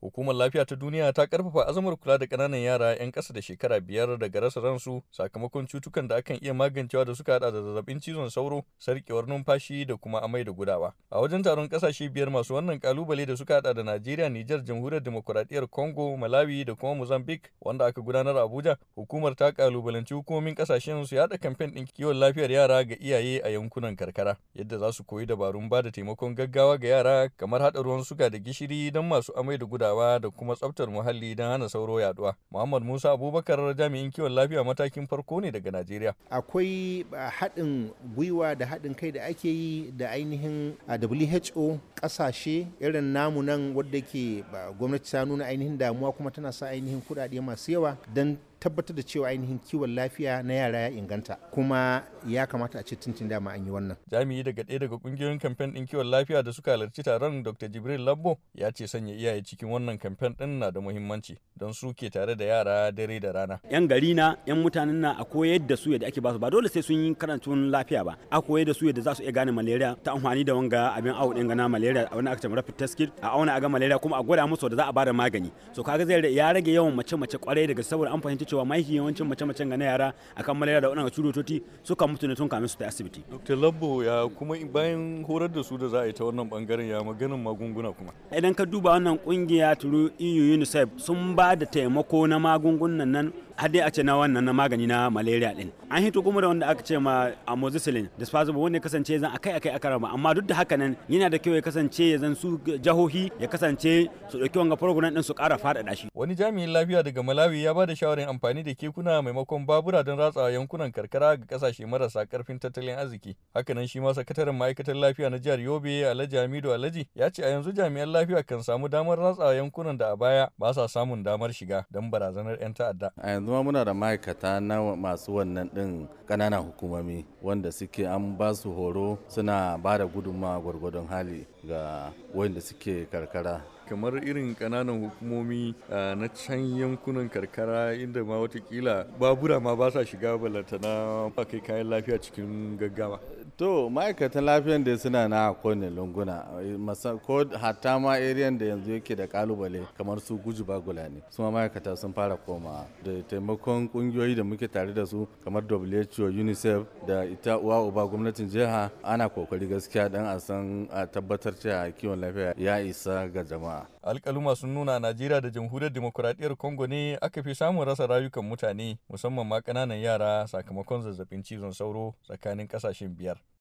Hukumar Lafiya ta Duniya ta karfafa azumar kula da ƙananan yara 'yan ƙasa da shekara biyar daga rasa ransu sakamakon cutukan da akan iya magancewa da suka hada da zazzabin cizon sauro, sarkewar numfashi da kuma amai da gudawa. A wajen taron ƙasashe biyar masu wannan kalubale da suka hada da Najeriya, Nijar, Jamhuriyar Demokuraɗiyyar Congo, Malawi da kuma Mozambique wanda aka gudanar a Abuja, hukumar ta kalubalanci hukumomin ƙasashen su yada kamfen ɗin kiwon lafiyar yara ga iyaye a yankunan karkara, yadda za su koyi dabarun ba da taimakon gaggawa ga yara kamar haɗa ruwan suga da gishiri don masu amai da gudawa. kulawa da kuma tsaftar muhalli don hana sauro yaduwa. Muhammad Musa Abubakar jami'in kiwon lafiya matakin farko ne daga Najeriya. Akwai haɗin gwiwa da haɗin kai da ake yi da ainihin WHO ƙasashe irin namunan nan wadda ke gwamnati ta nuna ainihin damuwa kuma tana sa ainihin kuɗaɗe masu yawa don tabbatar da cewa ainihin kiwon lafiya na yara ya inganta kuma ya kamata a ce tuntun dama an yi wannan. Jami'i daga ɗaya daga ƙungiyoyin kamfen ɗin kiwon lafiya da suka halarci taron Dr. Jibril Labbo ya ce sanya iyaye cikin wannan kamfen ɗin na da muhimmanci don su ke tare da yara dare da rana. 'Yan gari na 'yan mutanen na a koyar da su yadda ake basu ba dole sai sun yi karantun lafiya ba a koyar da su yadda za su iya gane malaria ta amfani da wanga abin awo ɗin gana malaria a wani aka rapid test kit a auna a ga malaria kuma a gwada musu da za a bada magani so kaga zai ya rage yawan mace-mace kwarai daga saboda an fahimci cewa mahi yawancin mace-macen ga na yara kan malaria da waɗanda suka mutu ne tun kamin su ta asibiti. Dr. Labbo ya kuma bayan horar da su da za a yi ta wannan bangaren ya maganin magunguna kuma. Idan ka duba wannan kungiya turu EU UNICEF sun ba da taimako na magungunan nan har dai a ce na wannan na magani na malaria din an hito kuma da wanda aka ce ma amoxicillin disposable wanda kasance zan akai akai aka raba amma duk da haka nan yana da kyau ya kasance ya zan su jahohi ya kasance su dauki wanga program din su kara faɗaɗa shi wani jami'in lafiya daga Malawi ya ba da shawarin amfani da kekuna maimakon babura don ratsawa yankunan karkara ga kasashe marasa karfin tattalin arziki hakanan shi ma sakataren ma'aikatar lafiya na jihar Yobe Alhaji Hamidu Alhaji ya ce a yanzu jami'an lafiya kan samu damar ratsawa yankunan da a baya ba sa samun damar shiga don barazanar 'yan ta'adda yanzu ma muna da ma'aikata na masu wannan din kananan hukumomi wanda suke an ba su horo suna ba da gudunmawa gwargwadon hali ga wanda suke karkara kamar irin kananan hukumomi na can yankunan karkara inda ma watakila babura ma ba sa shiga balantana na kai kayan lafiya cikin gaggawa to ma'aikatan lafiyan da suna na kone lunguna ko hatta ma ariyan da yanzu yake da kalubale kamar su guji bagula ne su ma ma'aikata sun fara koma da taimakon kungiyoyi da muke tare da su kamar who unicef da ita uwa uba gwamnatin jiha ana kokari gaskiya dan a san a tabbatar cewa kiwon lafiya ya isa ga jama'a alkaluma sun nuna najeriya da jamhuriyar demokuraɗiyyar congo ne aka fi samun rasa rayukan mutane musamman ma kananan yara sakamakon zazzabin cizon sauro tsakanin ƙasashen biyar